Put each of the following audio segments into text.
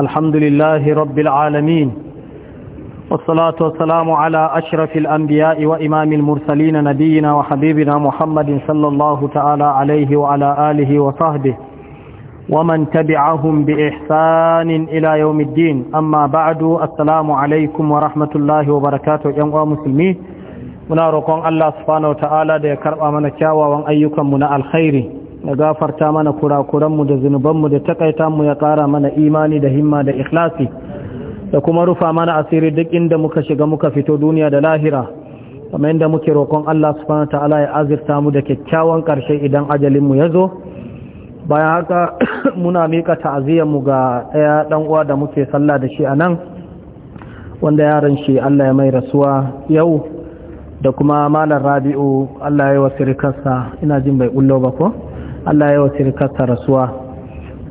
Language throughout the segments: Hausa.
الحمد لله رب العالمين والصلاة والسلام على أشرف الأنبياء وإمام المرسلين نبينا وحبيبنا محمد صلى الله تعالى عليه وعلى آله وصحبه ومن تبعهم بإحسان إلى يوم الدين أما بعد السلام عليكم ورحمة الله وبركاته يا مسلمين muna roƙon Allah subhanahu wataala da ya karɓa mana kyawawan ayyukanmu na alkhairi ya gafarta mana kurakuranmu da zunubanmu da takaita mu ya ƙara mana imani da himma da ikhlasi da kuma rufa mana asiri duk inda muka shiga muka fito duniya da lahira kamar inda muke roƙon Allah subhanahu ta'ala ya azirta mu da kyakkyawan ƙarshe idan ajalin mu ya zo bayan haka muna mika ta'aziyar mu ga ɗaya dan uwa da muke sallah da shi a nan, wanda yaron shi Allah ya mai rasuwa yau da kuma malar rabi'u Allah ya yi wasu rikarsa ina jin bai kullo ba ko? Allah ya wasu rikasta rasuwa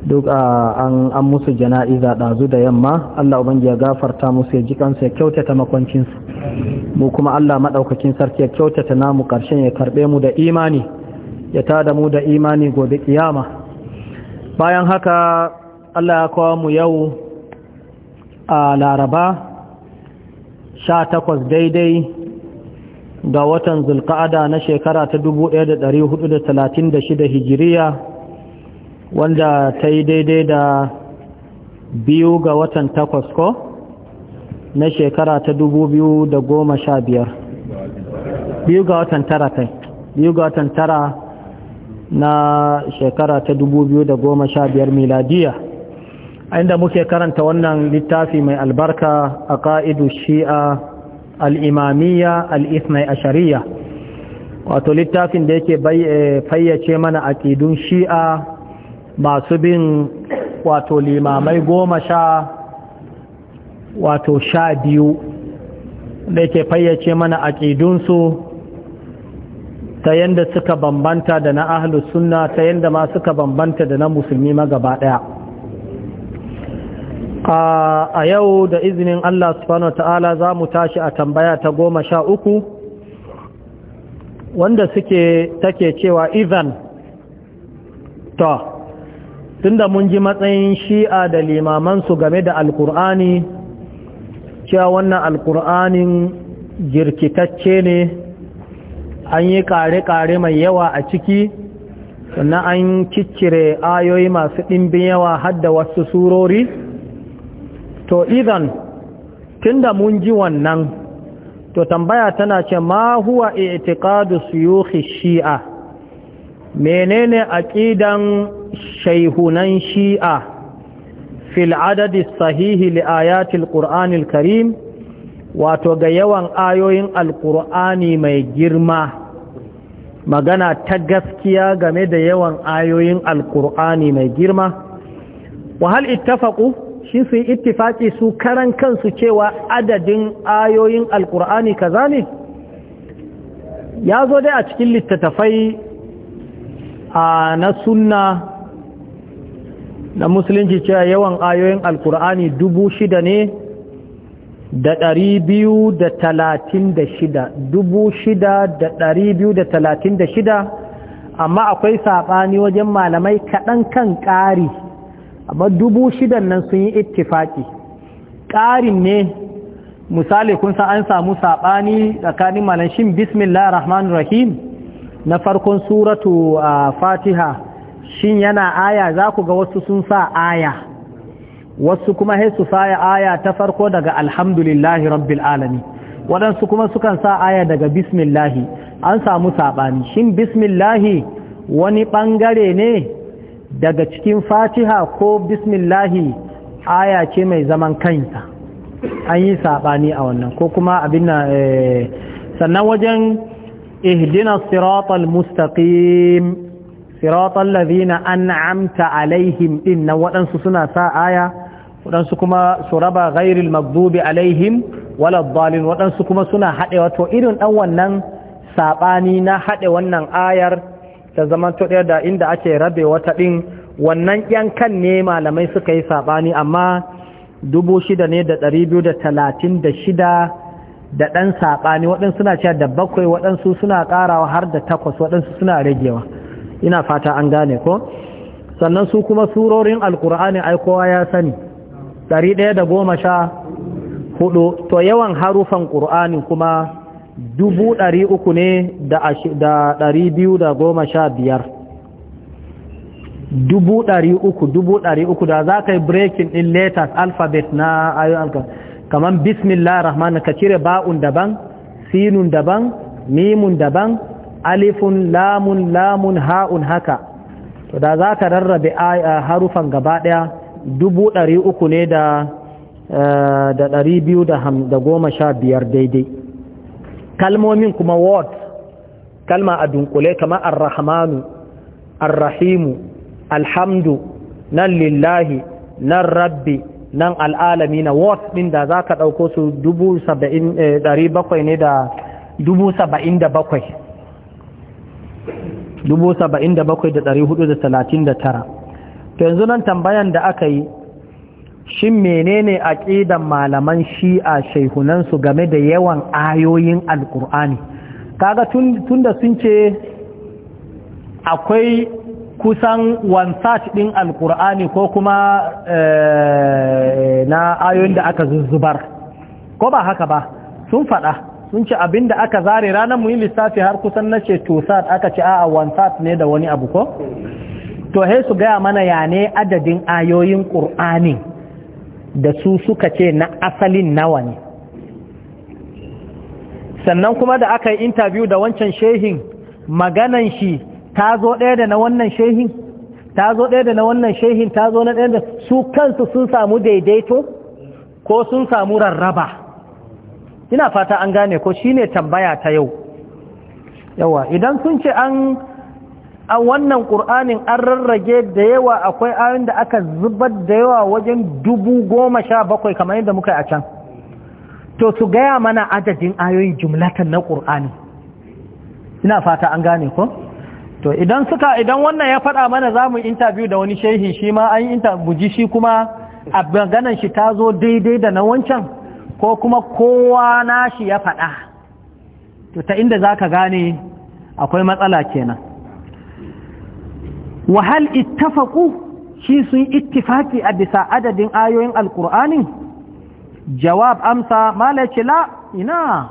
duk an musu jana'iza ɗazu da yamma Allah ubangi ya gafarta musu ya ji kansu ya kyautata makwancinsu mu kuma Allah maɗaukakin sarki ya kyautata namu ƙarshen ya karɓe mu da imani ya tada mu da imani gobe ƙiyama. bayan haka Allah ya kawo mu yau a laraba sha takwas daidai ga watan zulka'ada na shekara ta 1436 hijiriya wanda ta yi daidai da biyu ga watan takwas ko na shekara ta 2015 biyu ga watan tara kai biyu ga watan tara na shekara ta 2015 miladiya inda muke karanta wannan littafi mai albarka a ka'idu shi'a al'imamiyya al'isnai a shari'a wato littafin da yake eh, fayyace mana aƙidun shi'a masu bin wato limamai goma sha wato sha biyu da yake fayyace mana aƙidunsu ta yadda suka bambanta da na ahlus sunna ta yadda ma suka bambanta da na musulmi ma ɗaya a yau da izinin Allah subhanahu ta'ala za mu tashi a tambaya ta goma sha uku wanda suke take cewa izan to tunda mun ji matsayin shi'a da limamansu game da alkur'ani cewa wannan alkur'anin jirkitacce ne an yi kare-kare mai yawa a ciki sannan an ciccire ayoyi masu ɗimbin yawa hadda wasu surori to idan tunda mun ji wannan to tambaya tana ce ma huwa i'tiqadu suyukhi shi'a menene aqidan shaihunan shi'a fil adadi sahihi li ayatil qur'anil karim wato ga yawan ayoyin alqur'ani mai girma magana ta gaskiya game da yawan ayoyin alqur'ani mai girma wa hal ittafaqu shi su yi ittifaki su karan kansu cewa adadin ayoyin alkur'ani kaza ne ya zo dai a cikin littattafai a na sunna na musulunci cewa yawan ayoyin alkur'ani dubu shida ne da ɗari biyu da talatin da shida dubu shida da ɗari biyu da talatin da shida amma akwai saɓani wajen malamai kaɗan kan ƙari amma dubu shidan nan sun yi ittifaki ƙarin ne misali kun sa an samu saɓani tsakanin malan shin bismillah rahman rahim na farkon suratu a fatiha shin yana aya za ku ga wasu sun sa aya wasu kuma sai su sa aya ta farko daga alhamdulillahi rabbil alamin waɗansu kuma sukan sa aya daga bismillahi an samu saɓani shin bismillahi wani ɓangare ne daga cikin fatiha ko bismillahi aya ce mai zaman kanta an yi saɓani a wannan ko kuma abin eh, sannan wajen ihdina siratal mustaqim siratal ladhina an'amta alaihim din nan waɗansu suna sa aya waɗansu kuma su raba ghairil maghdubi alaihim wala dhalin waɗansu kuma suna haɗe wato irin ɗan wannan saɓani na haɗe wannan ayar ta zama to ɗaya da inda ake rabe wata ɗin wannan kan ne malamai suka yi saɓani amma dubu shida ne da ɗari biyu da talatin da shida da ɗan saɓani waɗansu suna cewa da bakwai waɗansu suna ƙarawa har da takwas waɗansu suna ragewa ina fata an gane ko sannan su kuma surorin alkur'ani ai kowa ya sani ɗari ɗaya da goma sha hudu to yawan harufan ƙur'ani kuma dubu ɗari uku ne da ɗari biyu da goma sha biyar dubu ɗari uku dubu ɗari uku da za ka yi breaking in letters alphabet na ayyukan. kamar bismillah rahman ka cire ba'un daban sinun daban mimun daban alifun lamun lamun ha'un haka to da za ka rarrabe harufan gaba ɗaya dubu ɗari uku ne da eh, ɗari biyu da goma sha biyar daidai kalmomin kuma word kalma a dunkule kama arrahmanu arrahimu alhamdu nan lillahi nan rabbi nan al'alami na word din da za ka ɗauko su dubu saba'in eh, ɗari bakwai ne da dubu saba'in da bakwai dubu saba'in da bakwai da ɗari hudu da talatin da tara to yanzu nan tambayan da aka yi shin menene aqidan malaman shi'a shaihunansu game da yawan ayoyin alkur'ani kaga tunda sun ce akwai kusan wansat din alkur'ani ko kuma eh, na ayoyin da aka zuzzubar ko ba haka ba sun fada sun ce abinda aka zare ranar muyi lissafi har kusan na ce tosat aka ce a'a wansat ne da wani abu ko to he su gaya mana yane adadin ayoyin ƙur'anin da su suka ce na asalin nawa ne sannan kuma da aka yi intabiyu da wancan shehin maganan shi ta zo ɗaya da na wannan shehin ta zo ɗaya da na wannan shehin ta zo na ɗaya da su kansu sun samu daidaito ko sun samu rarraba ina fata an gane ko shine tambaya ta yau yawa idan sun ce an A wannan ƙur'anin an rarrage da yawa akwai ayoyin da aka zubar da yawa wajen dubu goma sha bakwai kamar yadda muka yi a can to su gaya mana adadin ayoyin jumlatan na ƙur'ani ina fata an gane ko to idan suka idan wannan ya faɗa mana za mu intabiyu da wani shehi shi ma an yi intabuji shi kuma a ganin shi ta zo daidai da na wancan ko kuma kowa nashi ya faɗa to ta inda za ka gane akwai matsala kenan wa hal ittafaqu shi sun ittifaki a bisa adadin ayoyin alqur'anin jawab amsa malaci la ina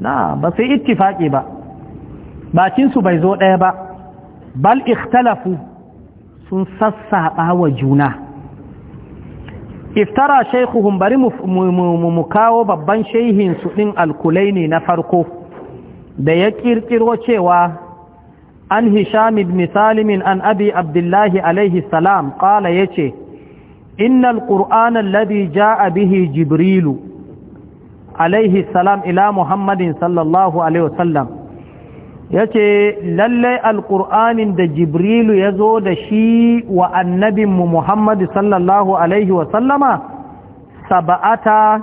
na ba su ittifaki ba bakinsu bai zo ɗaya ba bal ikhtalafu sun sassaɓa wa juna iftara shaikuhun bari mu kawo babban su ɗin alkulai ne na farko da ya ƙirƙiro cewa an hisham ibn Salimin an abi Abdullahi alaihi salam qala yace innal qur'ana alladhi jaa bihi Jibrilu alaihi salam ila muhammadin sallallahu alaihi wasallam ce, lallai alqur'anin da Jibrilu ya zo da shi wa annabinmu Muhammadu sallallahu alaihi wasallama saba'ata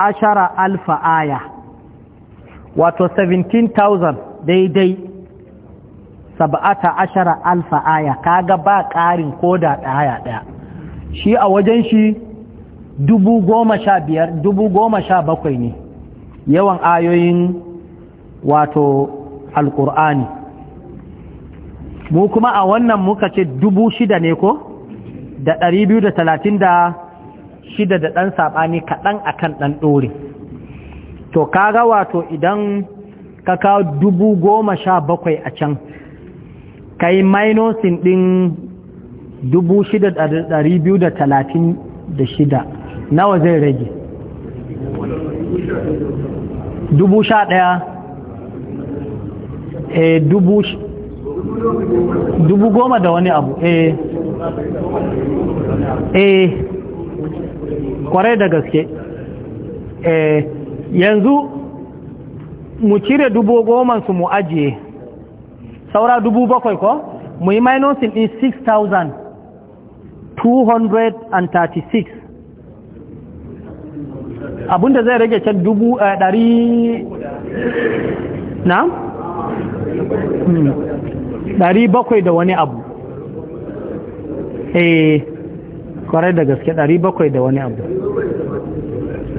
ashara alfa aya wato 17000 daidai sab'ata ashara alfa aya kaga ba ƙarin ko da ɗaya ɗaya shi a wajen shi dubu goma sha biyar dubu goma sha bakwai ne yawan ayoyin wato alƙur'ani mu kuma a wannan muka ce dubu shida ne ko da ɗari biyu da talatin da shida da ɗan saɓani kaɗan a kan ɗan ɗore to kaga wato idan ka kawo dubu goma sha bakwai a can ka yi minosin ɗin 6,236 nawa zai rage 11,000 eh dubu dubu goma da wani abu eh. eh kwarai da gaske eh yanzu mu cire dubu goma su mu ajiye saura dubu bakwai ko mu yi minusin ɗin 6,236 abinda zai rage can dubu eh, ɗari na? Hmm. ɗari bakwai da wani abu eh kwarai da gaske ɗari bakwai da wani abu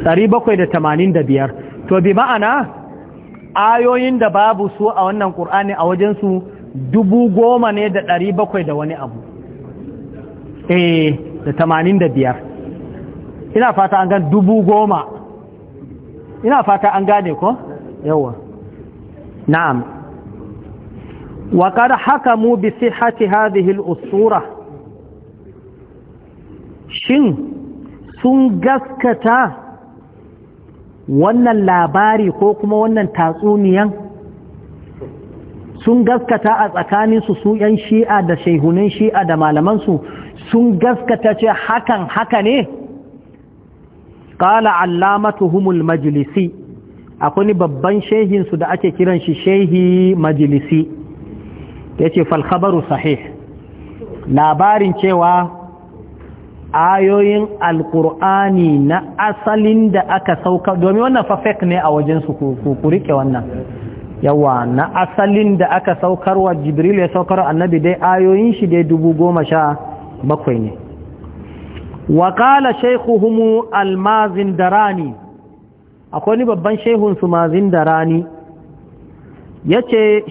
ɗari bakwai da tamanin da biyar to bi ma'ana ayoyin da babu su a wannan ƙur'ani a wajensu dubu goma ne da ɗari bakwai da wani abu eh da tamanin da biyar ina fata an gan dubu goma ina fata an gane ko yawa na'am wa haka mu bi sihhati hadhihi al-usura shin sun gaskata wannan labari ko kuma wannan tatsuniyan sun gaskata a tsakaninsu su ‘yan shi'a da shehunan shi'a da malamansu sun gaskata ce hakan haka ne ƙala allamatuhumul majlisi akwai babban shehinsu da ake kiran shi shehi majlisi ya ce falkhabaru sahih labarin cewa ayoyin alkur'ani na asalin da aka sauka domin wannan fa ne a wajen su ku rike wannan yawa na asalin da aka saukarwa jibril ya saukarwa annabi dai ayoyin shi dai dubu goma sha bakwai ne waƙala shaikuhumu almazin da rani akwai ni babban su mazin da rani ya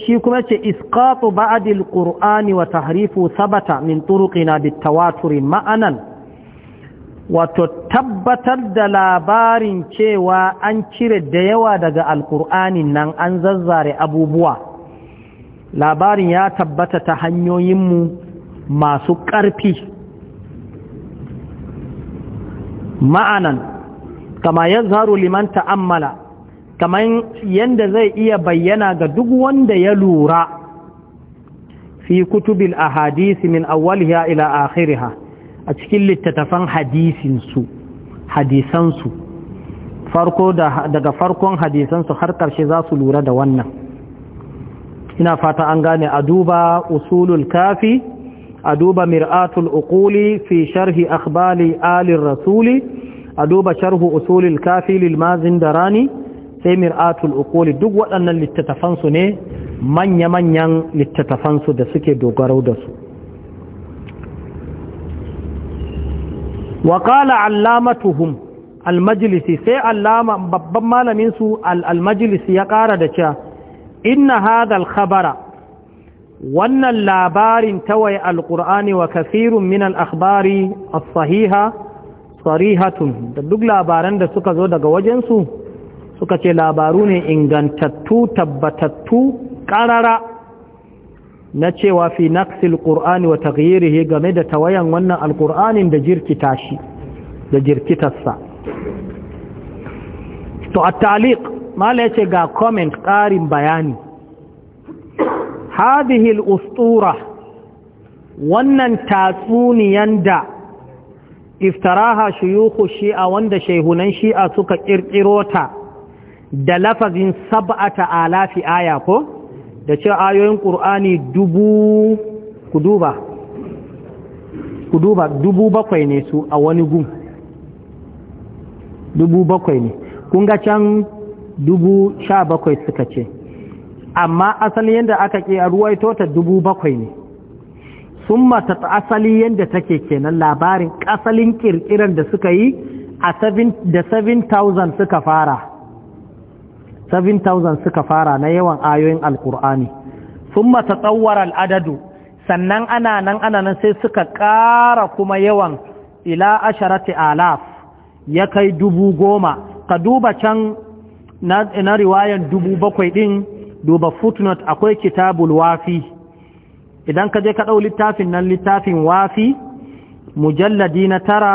shi kuma ce iskatu ba'adil ƙur'ani wa tahrifu sabata min turuƙina bitawaturi ma'anan wato tabbatar da labarin cewa an cire da yawa daga alkur'anin nan an zazzare abubuwa labarin ya tabbata ta hanyoyinmu masu ƙarfi ma'anan kama ya zaru liman ta'ammala kamar yadda zai iya bayyana ga duk wanda ya lura fi kutubil ahadisi min awwaliha ila akhiriha a cikin littattafan hadisinsu hadisansu farko daga farkon hadisansu har ƙarshe za su lura da wannan ina fata an gane a duba usulul kafi a duba mir'atul uquli fi sharhi akhbali alir rasuli a duba sharhu usulul kafi lilmazin da rani sai mir'atul uquli duk waɗannan littattafansu ne manya-manyan littattafansu da suke dogaro da su wa qala allamatuhum almajlisi sai allama babban malamin su almajlisi ya ƙara da cewa inna hadal khabara wannan labarin tawai alƙur'ani wa kathirun minan akbari as-sahiha sarihatun da duk labaran da suka zo daga wajensu suka ce labaru ne ingantattu tabbatattu ƙarara na cewa fi naqsi qur'ani wa taghyirihi game da tawayan wannan alqur'anin da jirkita shi da jirkitarsa to a taliq mala yace ga comment ƙarin bayani hadhihi al-ustura wannan tatsuniyan da iftaraha shuyukhu shi'a wanda shaihunan shi'a suka kirkiro ta da lafazin sab'ata alafi aya ko da ce ayoyin ƙur'ani dubu ku duba dubu bakwai ne su a wani gun dubu bakwai ne kun ga can dubu sha bakwai suka ce amma asali yadda aka ke a ruwaito ta dubu bakwai ne sun mata asali yadda take kenan labarin asalin kirkirar da suka yi da 7,000 suka fara 7,000 suka fara na yawan ayoyin alkur'ani sun mata tsawar al'adadu sannan ana nan ana nan sai suka ƙara kuma yawan ila asharati alaf ya kai dubu goma ka duba can na, na riwayan dubu bakwai ɗin duba footnote akwai kitabul wafi idan ka je ka ɗau littafin nan littafin wafi mujalladi na tara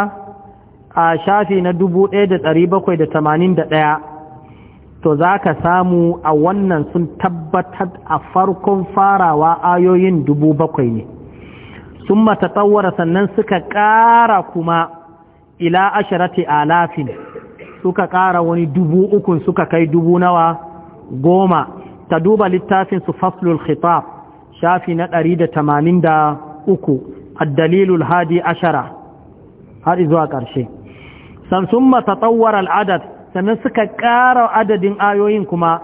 a shafi na dubu ɗaya da ɗari bakwai da tamanin da ɗaya to za ka samu a wannan sun tabbatar a farkon farawa ayoyin dubu bakwai ne sun matatawara sannan suka ƙara kuma ila asharati alafin suka ƙara wani dubu ukun suka kai dubu nawa goma ta duba littafin su faslul khitab shafi na ɗari da tamanin da uku addalilul hadi ashara har zuwa ƙarshe san sun matatawar sannan suka ƙara adadin ayoyin kuma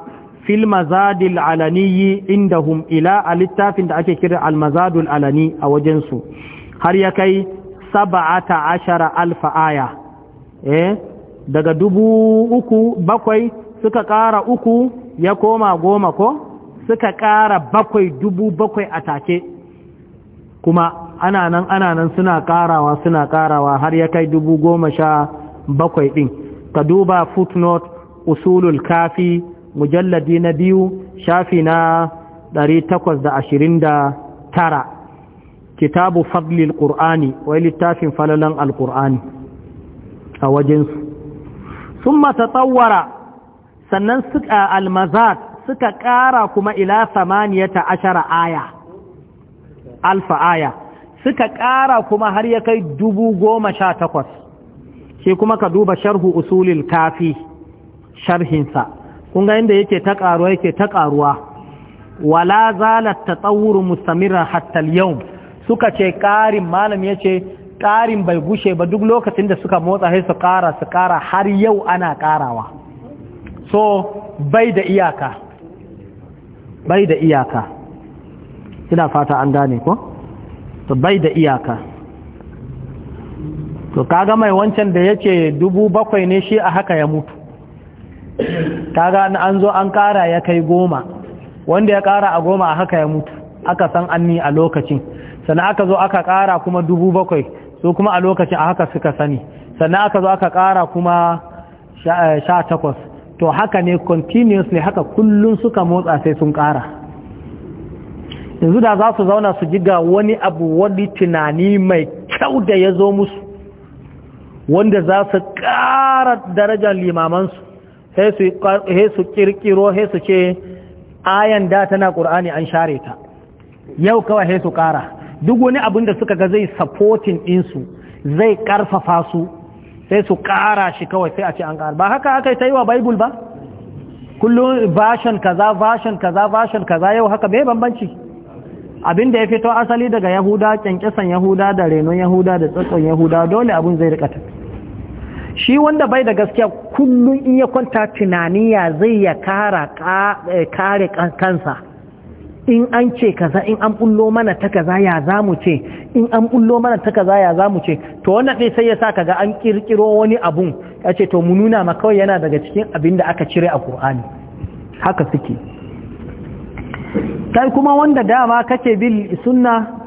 fil mazadil alaniyi indahum ila a littafin da ake kira almazadul alani a wajensu har ya kai saba'ata ashara alfa aya eh daga dubu uku bakwai suka ƙara uku ya koma goma ko suka ƙara bakwai dubu bakwai a take kuma ana nan ana nan suna ƙarawa suna ƙarawa har ya kai dubu goma sha bakwai ɗin ka duba footnote usulul kafi mujalladi na biyu shafi na 829 kitabu fadlil qur'ani wai littafin falalan alqur'ani a wajensu summa tatawwara sannan suka almazat suka ƙara kuma ila samaniyata ashara aya alfa aya suka ƙara kuma har ya kai dubu goma sha takwas shi kuma ka duba sharhu usulil kafi sharhinsa kun ga inda yake ta karuwa yake ta karuwa wala zalat tatawuru mustamiran hatta al suka ce ƙarin malam yace ƙarin bai gushe ba duk lokacin da suka motsa sai su ƙara su ƙara har yau ana ƙarawa. so bai da iyaka bai da iyaka ina fata an gane ko to bai da iyaka to kaga mai wancan da yace dubu bakwai ne shi a haka ya mutu kaga an zo an kara ya kai goma wanda ya kara a goma a haka ya mutu aka san anni a lokacin sannan aka zo aka kara kuma dubu bakwai su kuma a lokacin a haka suka sani sannan aka zo aka kara kuma eh, sha takwas to haka ne ne haka kullum suka motsa sai sun kara yanzu da za su zauna su jiga wani abu wani tunani mai kyau da ya zo musu wanda za su ƙara darajar limamansu sai su ƙirƙiro sai su ce ayan da tana ƙur'ani an share ta yau kawai sai su ƙara duk wani abin da suka ga zai supporting ɗinsu zai ƙarfafa su sai su ƙara shi kawai sai a ce an ƙara ba haka aka yi ta yi wa baibul ba kullum version kaza version kaza version kaza yau haka bai bambanci abin da ya fito asali daga yahuda kyankyasan yahuda da renon yahuda da tsatson yahuda dole abin zai rikata shi wanda bai da gaskiya kullum in ya kwanta tunani ya zai ya eh, kare kansa in an ce kaza in an bullo mana ta kaza ya za ce in an bullo mana ta kaza ya za ce to wannan dai sai ya sa kaga an kirkiro wani abun yace to mu nuna ma kawai yana daga cikin abin da aka cire a Kur'ani. haka suke kai kuma wanda dama kake bil sunna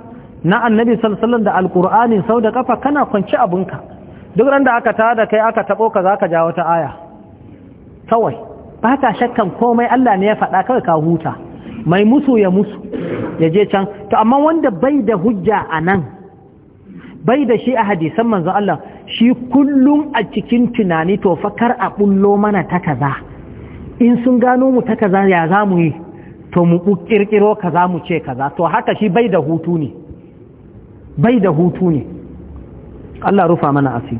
na annabi sallallahu da alqur'ani sau da kafa kana kwanci abunka duk randa aka aka da kai aka tabo ka zaka ja wata aya kawai ba ta shakkan komai Allah ne ya faɗa kawai ka huta mai musu ya musu ya je can to amma wanda bai da hujja a nan bai da shi a hadisan manzo Allah shi kullum a cikin tunani to fakar kar a bullo mana ta kaza in sun gano mu ta kaza ya za mu yi to mu kirkiro kaza mu ce kaza to haka shi bai da hutu ne bai da hutu ne Allah rufa mana asi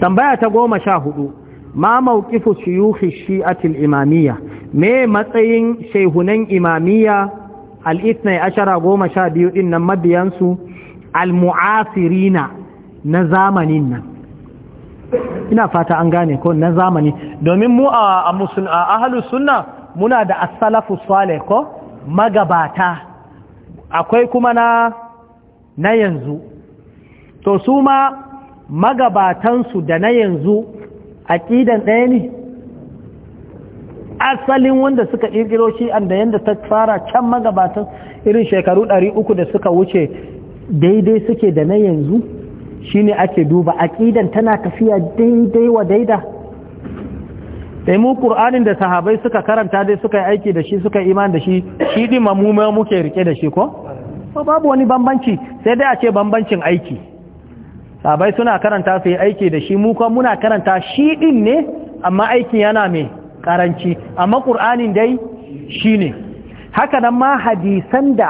tambaya ta goma sha hudu ma mawqifu shuyukhi shi'atil imamiyya me matsayin shehunan imamiyya al-ithnai ashara goma sha biyu din nan mabiyansu al-mu'asirina na zamanin nan ina fata an gane ko na zamani domin mu a ahlus sunna muna da as-salafu salih ko magabata akwai kuma na na yanzu to su ma magabatansu da na yanzu a ƙidan ɗaya ne asalin wanda suka ƙirƙiro shi da yadda ta fara can magabatan irin shekaru ɗari uku da suka wuce daidai suke da na yanzu shine ake duba aƙidan tana tafiya daidai wa daida sai mu ƙur'anin da sahabai suka karanta dai suka yi aiki da shi suka iman da shi shi ɗin mu muke rike da shi ko babu wani bambanci sai dai a ce bambancin aiki sabai suna karanta su yi aiki da shi muka muna karanta shi din ne amma aiki yana mai karanci amma ƙur'anin dai shi ne haka nan ma hadisan da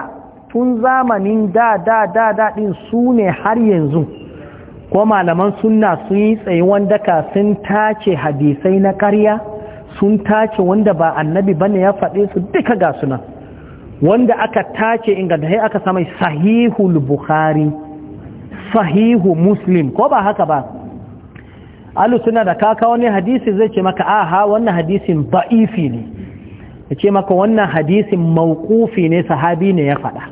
tun zamanin da da da da su ne har yanzu ko malaman suna sun yi wanda ka sun tace hadisai na karya sun tace wanda ba annabi bane ya faɗe su duka ga sunan wanda aka tace inganta sai aka samai sahihul bukhari sahihu muslim ko ba haka ba alu suna da kaka wani hadisi zai ce maka aha wannan hadisin ba'ifi ne ya ce maka wannan hadisin mauƙufi ne sahabi ne ya faɗa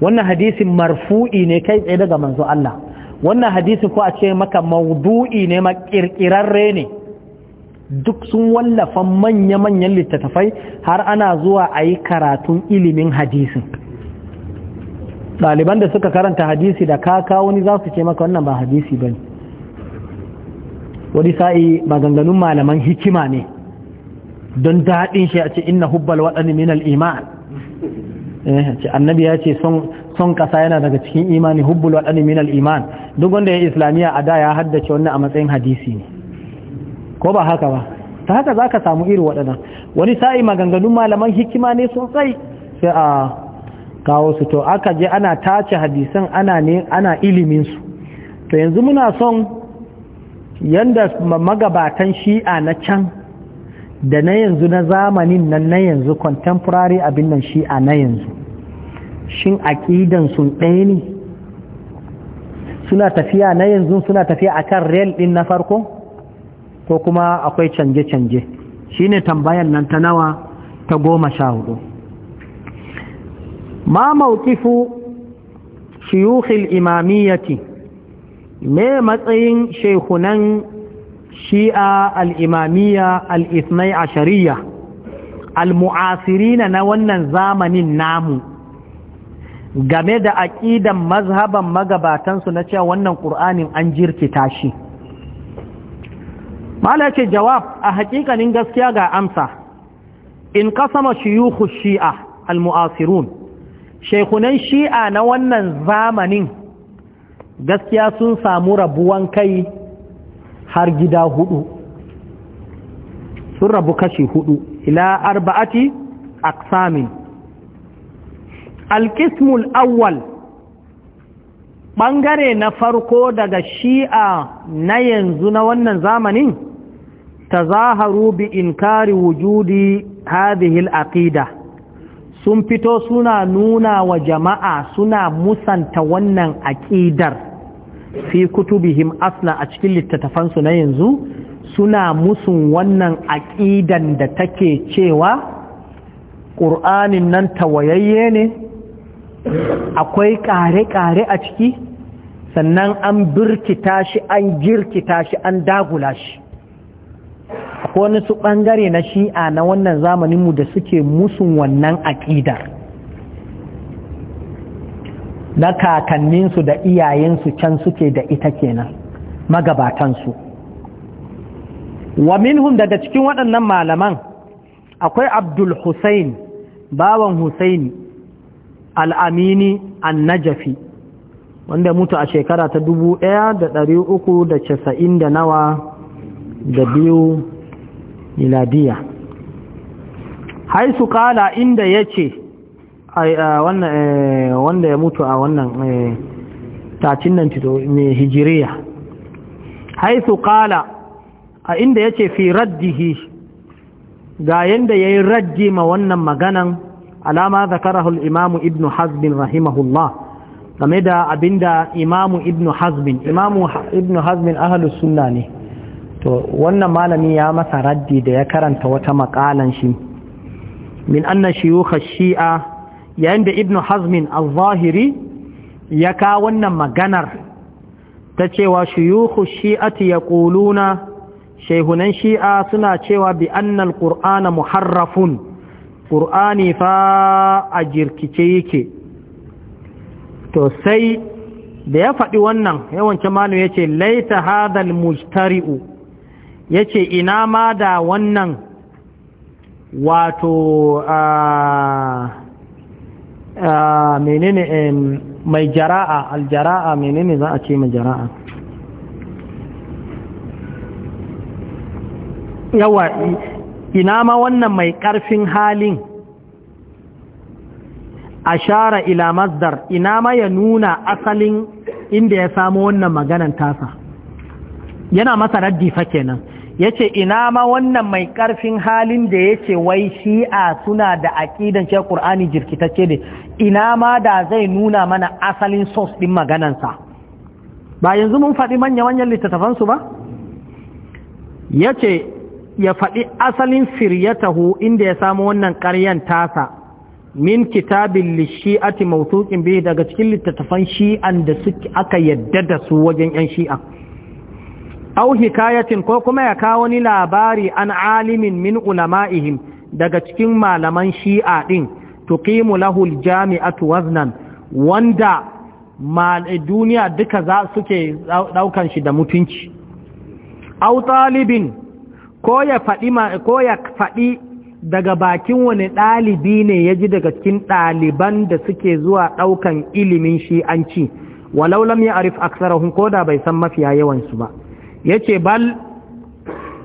wannan hadisin marfu'i ne kai tsaye daga manzo Allah wannan hadisin ko a ce maka maudu'i ne makirkirarre ne duk sun wallafa manya-manyan littattafai har ana zuwa a yi karatun ilimin hadisin ɗaliban da suka karanta hadisi da kaka wani za su ce maka wannan ba hadisi ba ne wani sa'i maganganun malaman hikima ne don daɗin shi a ce ina hubbal waɗani min al'iman eh, annabi ya ce son ƙasa yana daga cikin imani hubbal waɗani min al'iman duk wanda ya islamiyya a da ya haddace wannan a matsayin hadisi ne ko ba haka ba ta haka za ka samu iri waɗannan wani sa'i maganganun malaman hikima ne sosai sai a kawo su to aka je ana tace hadisan ana ne ana ilimin su to yanzu muna son yanda magabatan shi'a na can da na yanzu na zamanin nan na yanzu contemporary abin nan shi'a na yanzu shin aƙidan sun ɗaya ne suna tafiya na yanzu suna tafiya akan real ɗin na farko ko kuma akwai canje-canje shine tambayan nan ta nawa ta goma sha hudu ma mawqifu shuyukh al me matsayin shekunan shi'a al-imamiyya al-ithnai ashariyya al-mu'asirina na wannan zamanin namu game da aƙidan mazhaban magabatansu na cewa wannan ƙur'anin an jirkita shi mala jawab a haƙiƙanin gaskiya ga amsa in kasama shiyuhu shi'a almu'asirun? shekunan shi'a na wannan zamanin gaskiya sun samu rabuwan kai har gida hudu sun rabu kashi hudu ila arba'ati aksamin alkismul awwal ɓangare na farko daga shi'a na yanzu na wannan zamanin ta zaharu bi inkari wujudi hadihil aƙida. sun fito suna nuna wa jama'a suna musanta wannan aƙidar fi kutubihim asla a cikin littattafansu na yanzu suna musun wannan aƙidan da take cewa ƙur'anin nan tawayayye ne akwai ƙare kare a ciki sannan an birkita shi an girkita shi an dagula shi ko wani su ɓangare na shi'a na wannan zamaninmu da suke musun wannan aƙidar na kakanninsu da iyayensu can suke da ita kenan magabatansu wa minhum daga cikin waɗannan malaman akwai abdul hussein bawan hussein al'amini annajafi wanda mutu a shekara ta dubu ɗaya da uku da casa'in da nawa da biyu miladiya haisu kala inda ya ce eh, wanda ya mutu a wannan eh, tacin nan tito mai hijiriya haisu kala a inda ya ce fi raddihi ga yanda ya yi raddi ma wannan maganan alama zakarahul imamu ibn hazbin rahimahullah game da abinda imamu ibn hazbin imamu ibn hazbin ahalussunna sunna ne to wannan malami ya masa raddi da ya karanta wata makalan shi min anna shiyukha shi'a yayin da ibnu hazmin al-zahiri ya ka wannan maganar ta cewa shiyukhu shi'ati yaquluna shehunan shi'a suna cewa bi annal muharrafun ƙur'ani fa a jirkice yake to sai da ya faɗi wannan yawancin malu ya ce laita hadal mujtari'u ya ce ina ma da wannan wato menene mai jara'a aljara'a menene za a ce mai jara'a yawa ina ma wannan mai ƙarfin halin ashara ila mazdar ina ma ya nuna asalin inda ya samu wannan maganan tasa yana masa raddi fa kenan ya ce ina ma wannan mai ƙarfin halin da ya ce wai shi'a suna da aƙidan ce ƙur'ani jirkitacce ne ina ma da zai nuna mana asalin sos ɗin maganansa ba yanzu mun faɗi manya-manyan littattafansu ba ya ce ya faɗi asalin firyatahu inda ya samu wannan ƙaryan tasa min kitabin lishi'ati mautukin biyu daga cikin littattafan shi'an da suke aka yadda da su wajen 'yan shi'a au hikayatin ko kuma ya kawo ni labari an alimin min ulama'ihim daga cikin malaman shi'a din tuqimu lahu aljami'atu waznan wanda duniya duka za suke daukan shi da mutunci au talibin ko ya fadi ko ya fadi daga bakin wani dalibi ne ya ji daga cikin daliban da suke zuwa daukan ilimin shi'anci walau lam ya arif aksarahum ko da bai san mafiya yawansu ba yace bal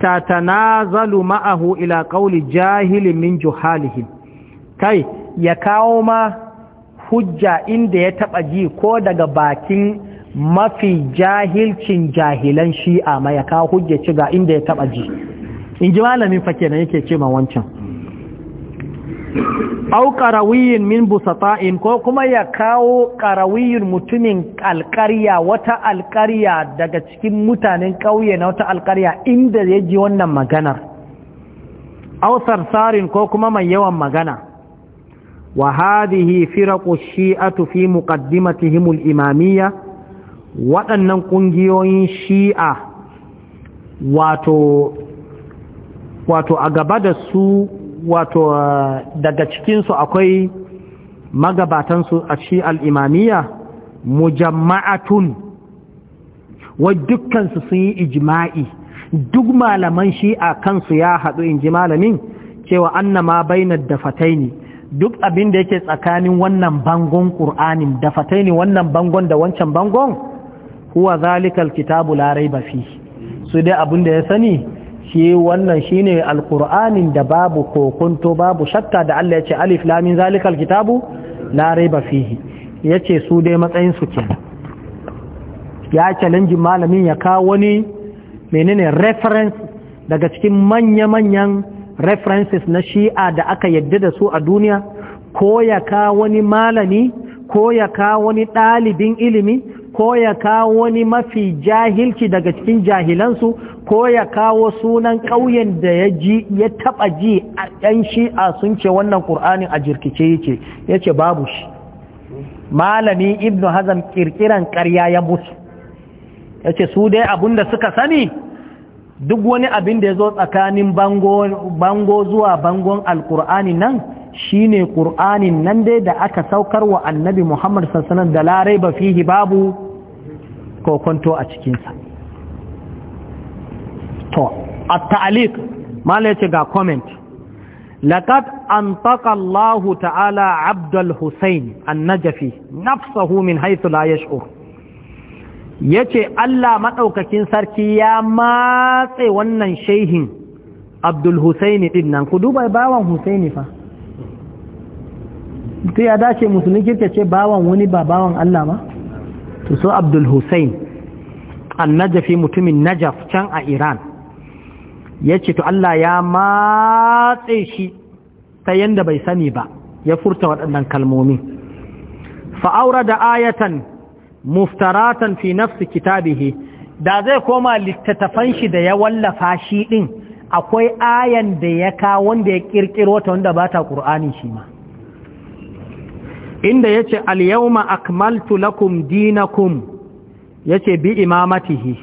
tatanazalu ma'ahu ila qawli jahilin min juhalihim kai ya kawo ma hujja inda ya taba ji ko daga bakin mafi jahilcin jahilan shi'a ma ya kawo hujja ci ga inda ya taba ji in ji malamin fa kenan yake ce ma wancan au ƙarawiyin min busata'in ko kuma ya kawo ƙarawiyin mutumin alƙarya wata alƙarya daga cikin mutanen ƙauye na wata alƙarya inda ya ji wannan maganar au sarsarin ko kuma mai yawan magana wa hadhihi firaqu shi'atu fi muqaddimatihim al-imamiyya waɗannan ƙungiyoyin shi'a wato wato a gaba da su wato ah, daga cikinsu akwai magabatansu a shi al'imamiya mujamma'atun wai dukkansu sun yi ijima'i duk malaman shi a kansu ya haɗu in ji malamin cewa annama bainar dafatai ne duk abin da yake tsakanin wannan bangon ƙur'anin dafatai ne wannan bangon da wancan bangon huwa zalikal kitabu larai ba fi su dai abin da ya sani shi wannan shine alqur'anin da babu kokunto babu shakka da Allah ya ce alif lam zalikal kitabu la raiba fihi yace su dai matsayin su kenan ya challenge malamin ya kawo wani menene reference daga cikin manya-manyan references na shi'a da aka yadda da su a duniya ko ya kawo wani malami ko ya kawo wani ɗalibin ilimi ko ya kawo wani mafi jahilci daga cikin jahilansu ko ya kawo sunan ƙauyen da ya ji ya taɓa ji a ɗan shi'a sun ce wannan ƙur'anin a jirkice yake ya ce babu shi malami ibnu hazan ƙirƙiran ƙarya ya mutu ya ce su dai abin da suka sani duk wani abin da ya zo tsakanin bango zuwa bangon alƙur'ani nan shi ne ƙur'anin nan dai da aka saukar wa annabi Muhammad sassanar da larai ba fihi babu ko kwanto a cikinsa to a ta'aliq mala ce ga comment laqad antaqa Allah ta'ala Abdul Hussein an-Najafi nafsuhu min haythu la yash'ur yace Allah madaukakin sarki ya matse wannan shehin Abdul Hussein din nan ku duba bawan Hussein fa to ya dace musulmi kirkace bawan wani ba bawan Allah ba to su abdul hussein an najafi mutumin najaf can a iran ya ce to allah ya matse shi ta yadda bai sani ba ya furta waɗannan kalmomi fa'aura da ayatan muftaratan fi nafsi kitabihi da zai koma littattafan shi da ya wallafa shi ɗin akwai ayan da ya kawo wanda ya ƙirƙiro ta wanda ba ta ƙur'ani shi ma inda ya ce alyawma akmaltu lakum dinakum ya ce bi imamatihi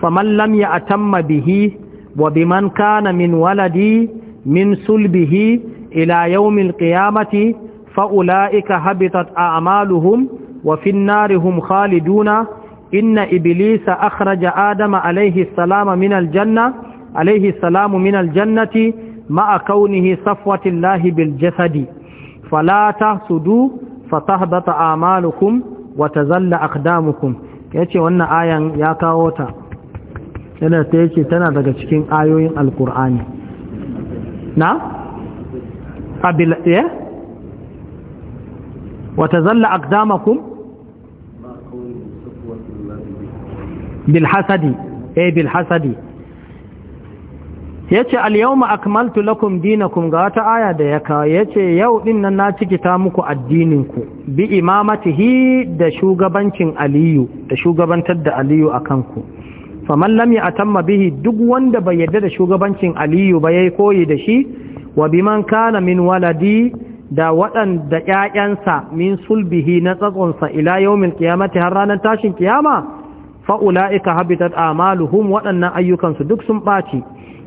faman lam ya atamma bihi wa bi man kana min waladi min sulbihi ila yawmil qiyamati fa'ula'ika habitat a'maluhum wa fin narihum khaliduna inna iblisa akhraja adama alayhi salam min aljanna alayhi salam min aljannati ma'a kaunihi safwatillahi bil jasadi fala tahsudu fatahbata a'malukum wa tazalla aqdamukum yace wannan ayan ya kawo ta yana ta yace tana daga cikin ayoyin alqur'ani na abil ya wa tazalla aqdamukum bil hasadi eh bil hasadi ya ce alyawma akmaltu lakum dinakum ga wata aya da ya kawo ya ce yau nan na ta muku addininku bi imamatihi da shugabancin aliyu da shugabantar da aliyu a kanku faman lamya a tamma bihi duk wanda bai yarda da shugabancin aliyu ba yayi koyi da shi wa man kana min waladi da waɗanda ƴaƴansa min sulbihi na tsatsonsa ila yawmin kiyamati har ranar tashin kiyama fa ulaika habitat amaluhum waɗannan ayyukansu duk sun ɓaci